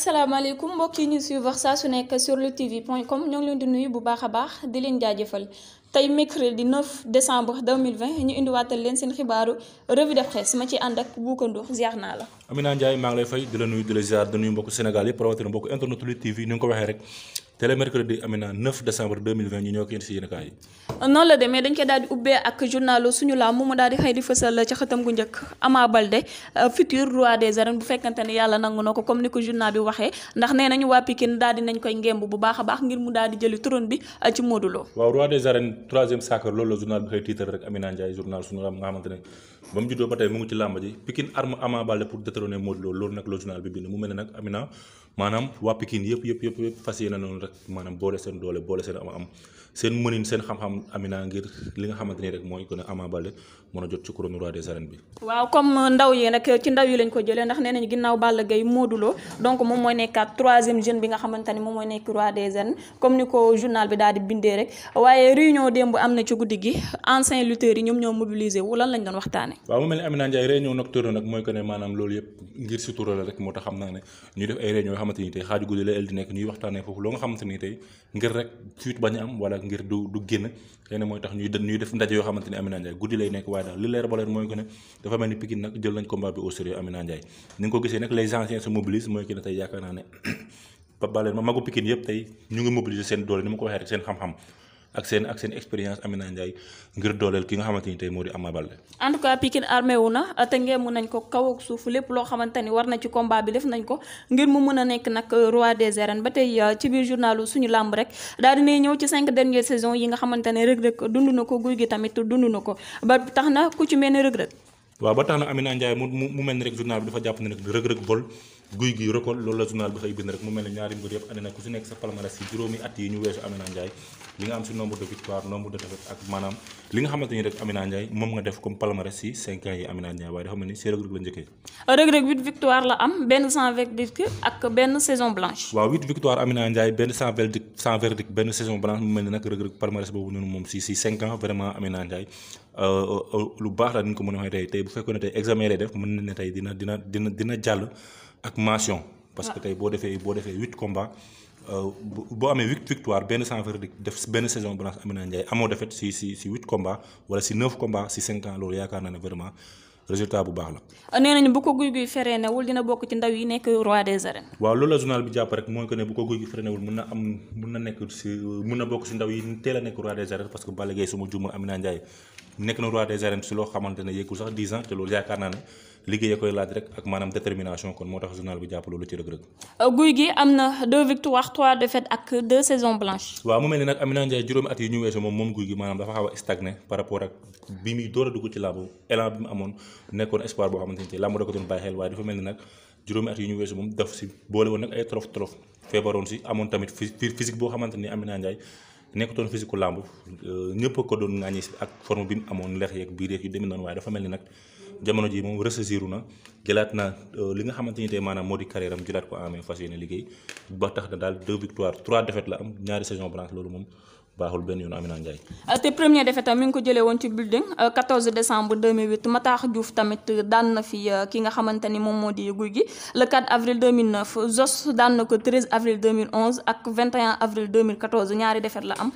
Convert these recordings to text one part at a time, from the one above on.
asalaamaaleykum mbokk yi ñu suivre saa su nekk sur lutv.com ñoo ngi leen di nuyu bu baax a baax di leen jaajëfal tey mercredi 9 décembre 2020 ñu indiwaatal leen seen xibaaru revue de presse ma ci ànd ak Bouka Ndour ziar naa la. Amina Ndiaye maa ngi lay fay di la nuyu di la ziar di nuyu mbokku Sénégal yëpp rawatina mbokku internet Lutte TV ni nga ko waxee rek. télé mercredi amina 9 décembre 2020 ñoo ko indi si yéenekaay yi. noonu la demee dañ koy daal di ubbee ak journal suñu laam mu daal di xëy di fësal ca xëtam gu njëkk Ama Baldé euh, futur roi des arènes bu fekkante ne yàlla nangu na ko comme ni ko journal bi waxee ndax nee nañu waa Pikine daal nañ koy ngemb bu baax a baax ngir mu daal jëli trône bi euh, loolu la journal bi xëy titre rek Amina Ndiaye journal suñu laam nga xamante ne ba mu juddoo ba ak maanaam boole seen doole boole seen am seen mënin seen xam-xam Amina ngir li nga xamante rek mooy que ne Ama Baldé mën a jot ci couronne roi des arènes bi. waaw comme ndaw yi ndax ginnaaw Balla Gaye Modou Lo donc moom mooy nekkaat troisième jeune bi nga xamante moom mooy nekk roi des arènes comme ni ko journal bi daal di bindee rek waaye réunion démb am na ci guddi gi anciens lutteurs yi ñoo mobilisé wu lan lañ doon waxtaanee. waaw mu mel ni Amina Ndiaye te ni tey ngir rek fuite bañ am wala ngir du du génn xëy mooy tax ñuy def ndaje yoo xamante ni Amina Ndiaye guddi lay nekk waaye daal li leer ba leer mooy ko ne dafa mel ni Pikine nag jël nañ combat bi au Amina Ndiaye ni nga ko gisee nag les anciens se mooy ki tey yaakaar naa ne ba baleen ma magu Pikine yëpp tey ñu ngi mobiliser seen doole ni ma ko waxee rek seen xam-xam ak seen ak seen expérience Amina Ndiaye ngir dooleel ki nga xamante ni tey moo di Ama Baldé en tout cas Pikine armé wu na te ngeen mun nañ ko kaw ak lépp loo xamante ni war na ci combat bi def nañ ko ngir mu mën a nekk nag euh, roi des arènes ba tey euh, ci biir suñu làmb rek daal dinay ñëw ci cinq dernières saisons yi nga xamante ne Reug Reug ko tamit dund na ko tax na ku ci mel ni Reug journal bi dafa jàpp ne rek Reug Reug vol guy gi récolte loolu la journal bi xëy bind rek mu mel ne ñaari mbir yëpp andi na ku si nekk sa palmarès yi juróomi at yi ñu weesu Amina Ndiaye li nga am si nombre de victoire nombre de défaite ak maanaam li nga xamante ni rek Amina Ndiaye moom nga def comme palmarès si 5 ans yi Amina Ndiaye waaye dafa mel ni si Reug Reug la njëkkee. Reug Reug 8 victoire la am benn sans verdict ak benn saison blanche. waaw 8 victoire Amina Ndiaye benn sans verdict sans verdict benn saison blanche mu mel ni nag Reug Reug palmarès boobu noonu moom si si 5 ans vraiment Amina Ndiaye euh, euh, lu baax la ni ñu ko mën a waxee tey bu fekkoon ne tey examen lay def mën na ne tey dina dina dina dina jàll ak mention. parce que ah. tey boo defee boo defee 8 combats. Euh, boo amee huit victoire benn sans verdict def benn saison blanche Amina Ndiaye amoo défaite si si si huit combats wala si neuf combats si cinq ans loolu yaakaar naa ne vraiment résultat bu baax la. nee nañu bu ko guy guy fereenewul dina bokk ci ndaw yi nekk roi des arènes. waaw loolu la journal bi jàpp rek mooy que ne bu ko guy guy fereenewul mun na am mun na nekk si mun na bokk si ndaw yi teel a nekk roi des arènes parce que Balla Gaye suma juumul Amina Ndiaye nekk na roi des arènes si loo xamante ne yëkkul sax 10 ans te loolu yaakaar naa ne liggéey koy laaj rek ak maanaam détermination kon moo tax journal bi jàpp loolu ci rëg-rëg guy gi am na deux victoires trois défaites ak deux saisons blanches waaw mu mel ni nag Amina Ndiaye juróomi at yi ñu weesu moom moom guy gi maanaam a stagné par rapport ak bi muy a dugg ci làmb élan bi daf si boole woon nag ay tolof tolof feebaroon si amoon tamit physique boo xamante ni Amina Ndiaye nekkatoon physique làmb euh, ñëpp a ko doon ŋàññi si ak forme bi amoon leex yeeg biir yeeg yu demee noonu waaye dafa mel ni nag jamono ji moom ressaisiru na jëlaat na euh, li nga xamante ni tey maanaam moo di carrière am jëlaat ko amee fas yéene liggéey ba tax na daal deux victoires trois défaites la am ñaari saison blanche loolu moom baaxul benn yoon Amina Ndiaye. Euh, te premier défaite mi ngi ko jëlee woon ci building 14 euh, décembre 2008 Matar Diouf tamit daan na fi euh, ki nga xamante ni moom moo di guy gi le 4 avril 2009 Zos daan na ko 13 avril 2011 ak ñaari défaite la am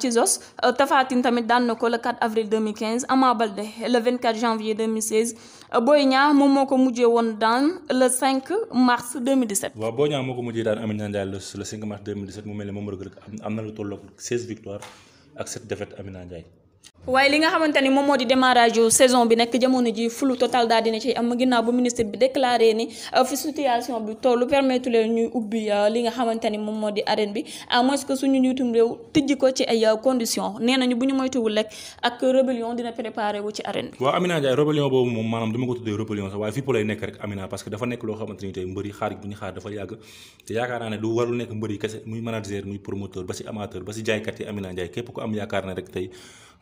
ci Zos Tafatine tamit daan na ko le 4 avril 2015 Ama Balde le 24 janvier 2016. Boy Niang moom moo ko mujjee woon daan le 5 mars 2017. waaw Boy Niang moo ko mujjee daan Amina Ndiaye le 5 mars mu mel ne moom rek am na lu tolloog 16 victoires ak 7 défaites Amina Ndiaye. waaye li nga xamante ni moom moo di démarrage saison bi nag jamono ji flou total daal dina ci am ginnaaw bu ministre bi déclaré ni euh, fi situation bi tollu euh, li nga xamante ni moom moo di arène bi à moins que suñu njiitum réew tijji euh, bu ñu wu ci arène bi. waaw Amina Ndiaye rébellion boobu moom maanaam dama ko tuddee rébellion sax waaye ni tey mbëri nekk muy promoteur ba si amateur ba si jaaykat yi Amina Ndiaye képp ku am yaakaar ne rek tey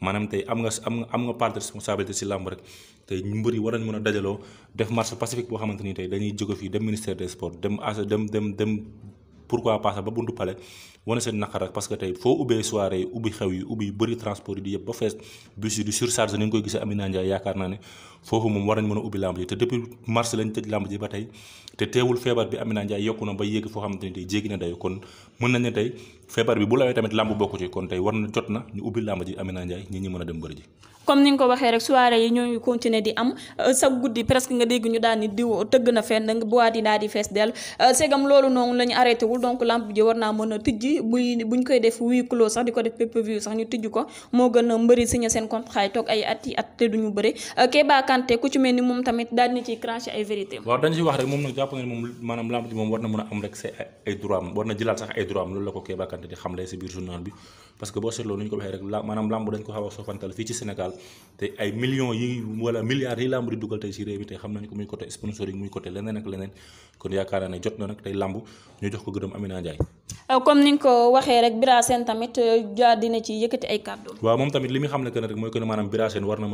maanaam tey am nga am nga part de responsabilité si làmb rek tey mbër yi war nañ a dajaloo def marche pacifique boo xamante ni tey dañuy jóge fii dem ministère des sports dem dem dem dem pourquoi pas ba buntu pale wane seen naqar rek tey foo ubbee soirée yi ubbi xew yi ubbi bëri transport yi di yëpp ba fees bus yi di surcharge ni nga koy gisee Amina Ndiaye yaakaar naa ne foofu moom war na ñu ubbi làmb ji Amina Ndiaye ñi ñi mën a dem bëri ji comme ni nga ko waxee rek soirée yi ñoo ngi di am euh, sa guddi presque nga dégg ñu daan ni diw tëgg na fenn boîte yi daal di fees dell euh, segam loolu noonu la ñu arrêté wul ji war naa mën a tijji yi buy buñ koy def huis clos sax di ko def pay-per-view sax ñu tijj ko moo gën a mbëri signé seen contrat yi toog ay at yi duñu bëre euh, Keba ku ci mel ni moom tamit daal dina ciy ay vérité waaw dañ ci wax rek moom nag jàpp na ne moom moom ay milliards yi lamb di dugal tey si réew mi tey xam nañ ko muy côté sponsoring muy côté leneen ak leneen kon yaakaar naa ne jot na nag tey lamb ñu jox ko gërëm Amina Ndiaye euh, ko waxee rek Bira Sène tamit euh, jaar dina ci yëkkati ay kàddu. waaw moom tamit li mu xam ne que ne rek mooy que ne maanaam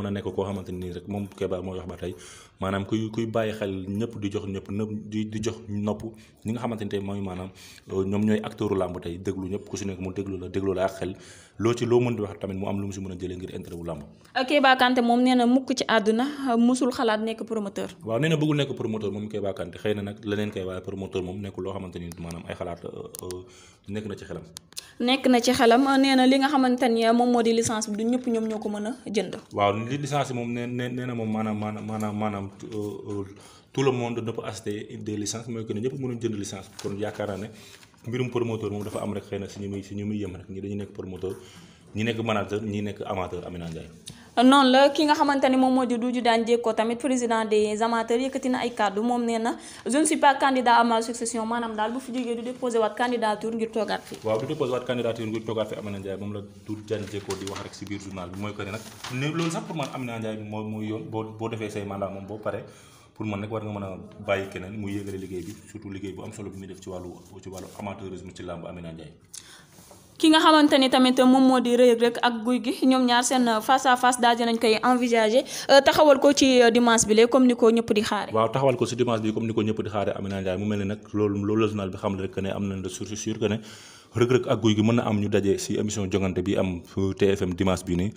na a nekk koo xamante ni rek moom Keba mooy wax jox ñëpp di nga xamante ni tey mooy maanaam euh, ñoom ñooy acteuru làmb tey déglu ñëpp ku si nekk mu déglu la déglu laa loo loo mën am lu mu si a jëlee ngir intérêt wu làmb. Euh, Keba Kanté moom nee na mukk ci àdduna musul xalaat nekk promoteur. waaw nee na nekk promoteur moom Keba xëy na nag leneen kay waaye promoteur moom nekkul loo xamante ni maanaam ay xalaat nekk na ci xelam. nekk na ci xelam nee na li nga xamante ni moom moo di licence bi du ñëpp ñoom ñoo ko mën a jënd. waaw li licence bi moom nee nee na moom maanaam maanaam maanaam euh, euh, tout le monde dafa acheter des licences mooy que ne ñëpp mënuñ jënd licence kon yaakaar naa ne mbirum promoteur moom dafa am rek xëy na si ñu muy si ñu muy yem rek ñi dañu nekk promoteur ñi nekk manager ñi nekk amateur Amina Ndiaye. noonu la ki nga xamante ni moom moo di Doudou Diagne Diecko tamit président des amateurs yëkkati na ay kàddu moom nee na je pas candidat ngir toogaat fi waaw du déposé waat candidature ngir toogaat fi Amina Ndiaye moom la Doudou Diagne Diecko di wax rek si biir journal bi mooy que ne nag ne loolu sax pour man Amina Ndiaye moo mooy yoon boo boo defee say mandat moom boo pare pour man nag war nga mën a bàyyi keneen mu yéegale liggéey bi surtout liggéey bu ki nga xamante ni tamit moom moo di Reug Reug ak Gouye Gui ñoom ñaar seen face à face daal dinañ koy envisager euh, taxawal ko ci euh, dimanche bi lee comme ni ko ñëpp di xaare waaw taxawal ko ci dimanche bi comme ni ko ñëpp di xaare Amina Ndiaye mu mel ne nag loolu loolu la journal bi xam ne rek que ne am nañ la source sûre que ne Reug Reug ak Gouye gi mën na am ñu daje ci émission jongante bi am TFM dimanche bi nii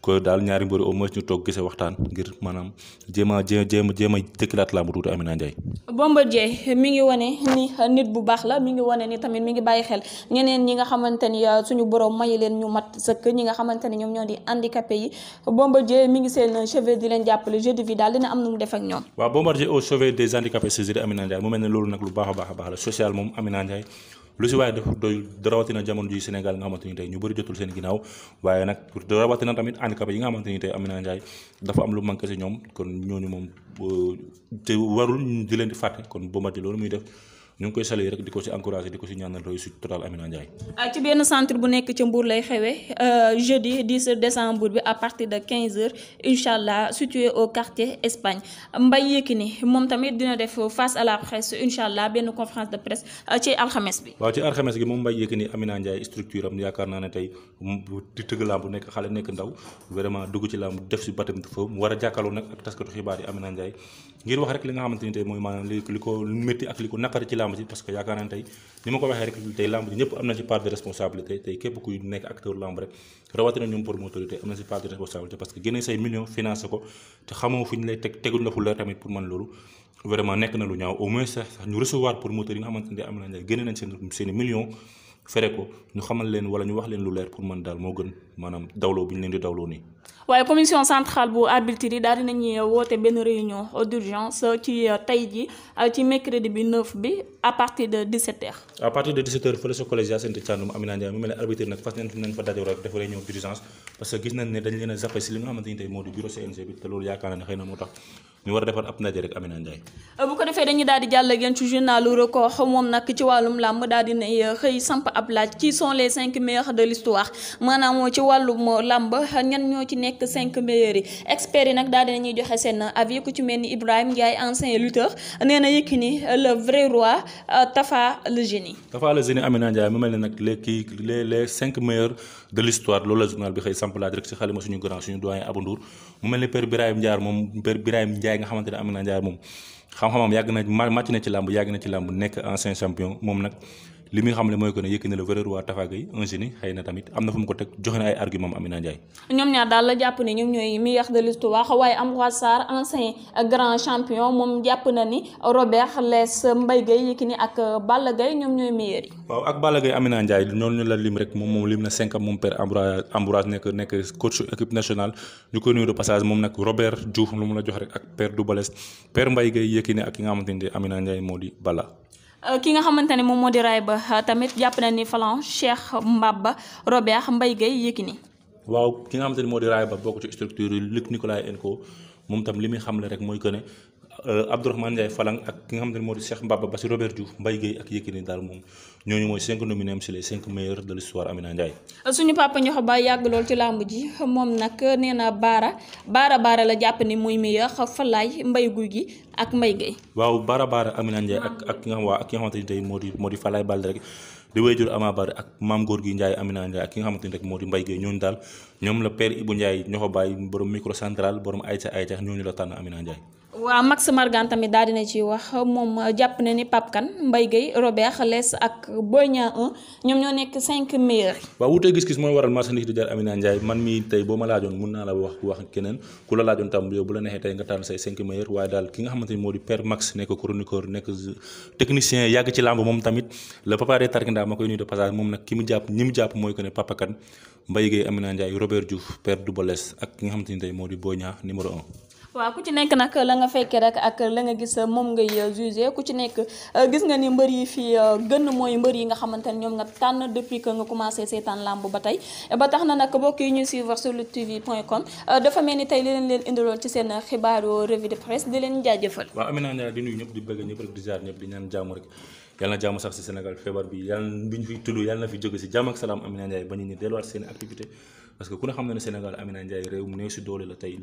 ko daal ñaari mbir au moins ñu toog gisee waxtaan ngir maanaam jéem a jéem a jéem a dëkkilaat laa mu tuuti Amina Ndiaye. Bombardier mi ngi wane ni nit bu baax la mi ngi wane ni tamit mi ngi bàyyi xel ñeneen ñi nga xamante ni euh, suñu borom may leen ñu mat sëkk ñi nga xamante ni ñoom ñoo di handicapé yi Bombardier mi ngi seen chevet di leen jàppale jeu de vie daal dina am nu mu def ñoom. waaw Bombardier au chevet des handicapés saisir Amina Ndiaye mu mel ne loolu nag a baax a baax la social moom Amina lu si waaye dafa doy rawatina jamono ji Sénégal nga xamante ni tey ñu bëri jotul seen ginnaaw waaye nag rawatina tamit handicapé yi nga xamante ni am Amina Ndiaye dafa am lu manqué si ñoom kon ñooñu moom euh, te warul di leen di fàtte kon Bombardier loolu muy def ñu ngi koy saluer rek di ko ci encourager di ko ci ñaanal réussite totale Amina Ndiaye. Ah, ci benn centre bu nekk ci Mbour lay xewee euh, jeudi 10 décembre bi à partir de 15h situé au quartier Espagne Mbaye Yékini moom tamit dina def face à la presse incha allah benn conférence de presse euh, ci alxames bi. waaw ci alxames gi moom Mbaye Yékini Amina Ndiaye structure yaakaar naa ne tey di tëgg làmb nekk xale nekk ndaw vraiment dugg ci làmb def ci batam fa làmb ji parce que yaakaar naa tey ni ma ko waxee rek tey làmb ji ñëpp am na ci part de responsabilité tey képp kuy nekk acteur làmb rek rawatina ñoom promoteur yi tey am na ci part de responsabilité parce que génne say millions financé ko te xamoo fi ñu lay teg tegul la fu leer tamit pour man loolu vraiment nekk na lu ñaaw au moins sax ñu recevoir promoteurs yi nga xamante ne am nañ génne nañ seen seen millions fere ko ñu xamal leen wala ñu wax leen lu leer pour mën daal moo gën maanaam dawloo bi ñu leen di dawloo nii. waaye commission centrale bu arbitre yi di nañu woote benn réunion d'urgence ci euh, tey ji euh, ci mercredi bi 9 bi à partir de 17h. à mu mel ne nag fas nañ fa daje rek def réunion d'urgence parce que gis nañ ne dañ leen a zappé si li nga xamante ni tey moo di bureau CNG bi te loolu yaakaar naa ne xëy na moo tax. ñu war a defar ab ndaje rek Amina Ndiaye. Euh, bu ko defee dañuy daal di jàll ak yéen ci journalu record moom nag ci wàllum làmb daal di ne euh, xëy samp ab laaj qui sont les cinq meilleurs de l'histoire maanaam ci wàllum euh, làmb ñan ñoo ci nekk cinq meilleurs yi experts yi nag daal di nañuy joxe seen avis ku ci mel ni Ibrahima Ndiaye ancien lutteur nee na Yékini le vrai roi Tafa le génie. Tafa le génie Amina Ndiaye mu mel ne nag les kii les cinq meilleurs de l'histoire loolu la journal Ndiaye nga xamante ne Amina Ndiaye moom xam-xamam yàgg na màcc na ci làmb yàgg na ci làmb nekk ancien champion moom nag li muy xamle mooy que ne Yékini le vrai roi Tapha Gueye un génie xëy na tamit am na fu mu ko teg joxe na ay argument Amina Ndiaye ñoom daal jàpp ne ñoom ñooy meilleur de l'histoire waaye Ambroise Sarr jàpp na ni Robert Less ak Balla Gaye ñoom ñooy meilleur yi waaw ak Balla Gaye la lim rek moom moom lim na cinq am moom père Ambroise Ambroise nekk nekk coach équipe nationale ñu koy nuyu de passage moom nag Robert Diouf lu mu la jox rek ak père Doubalès père Mbaye Gueye Yékini ak ki nga xamante ne Amina Ndiaye moo di Balla Euh, ki nga xamante ne moom moo di raay ba euh, tamit jàpp na ni Falan Cheikh Mbaba mbay Mbaye Guèye ni waaw ki nga xamante ne moo di raay ba bokk ci structure Luc Nicolaï en co moom tam li muy xam xamle rek mooy que ne Euh, Abdourahmane Ndiaye Falang ak ki nga xam ne moo di Cheikh Mbaba Bassi Robert Diouf Mbaye Guèye ak Yékini daal moom ñooñu mooy cinq nominés am si les cinq meilleurs de l'histoire Amina Ndiaye suñu papa ñoxo la jàpp ni muy meilleur Falaay Mbaye Guy gi ak Mbaye Guèye waaw baara baara Amina Ndiaye ak ak ak ki nga xamante moo di moo di Falaay Baldé rek di wéyjur Ama Baldé ak maam góor gi Ndiaye Amina Ndiaye ak ki nga xamante ni rek moo di Mbaye Guèye ñooñu daal ñoom la père Ibou Ndiaye ñoxo baay borom micro central borom ayca ayca ñooñu la tànn Amina Ndiaye waaw Max Margan tamit daal dina ci wax moom jàpp na ni Pape Kane Mbaye Gueye Robert Less ak Boy Niang 1 ñoom ñoo nekk cinq meilleurs. waaw wutee gis-gis mooy waral marchandise di jar Amina Ndiaye man mii tey boo ma laajoon mun naa la wax wax keneen ku la laajoon tam yow bu la neexee tey nga tànn say cinq meilleurs waaye daal ki nga xamante ni moo di Père Max nekk chroniqueur nekk technicien yàgg ci làmb moom tamit la papa de Tarkinda ma koy nuyu de passage moom nag ki mu jàpp ñi mu jàpp mooy que ne Pape Kane Mbaye Gueye Amina Ndiaye Robert Diouf Père Doubalès ak ki nga xamante ni tey moo di Boy Niang numéro waaw ku ci nekk nag la nga fekkee rek ak la nga gis moom ngay jugé ku ci nekk euh, gis nga ni mbër yi fii euh, gën mooy mbër yi nga xamante ne ñoom nga tànn depuis que nga commencé seetaan làmb ba tey ba tax na nag bokk yi ñuy suivre euh, dafa mel ni tey li leen leen ci seen xibaaru revue de leen jaajëfal. waaw Amina Ndiaye bëgg ñëpp rek di jaar ñëpp di ñaan jàmm bi yàlla bi ñu fiy na fi jóge si jàmm ak salaam Amina Ndiaye ba ñu ni delluwaat seen activité na ne Sénégal Amina Ndiaye réew mu si doole la tey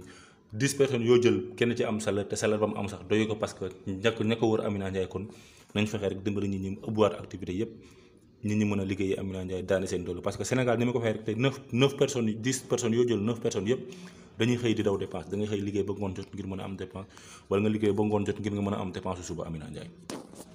dix personnes yoo jël kenn ci am salaire te salaire ba am sax doyu parce que ñàkk ña ko wër Amina Ndiaye kon nañ fexe rek dimbali nit ñi ubbiwaat activité yëpp nit ñi mën a liggéey Amina Ndiaye daani seen doolu parce que Sénégal ni ma ko waxee rek te neuf neuf personnes dix personnes yoo jël neuf personnes yëpp dañuy xëy di daw dépense da xëy liggéey ba ngoon jot ngir mën a am dépense wala nga liggéey ba ngoon jot ngir nga mën a am dépense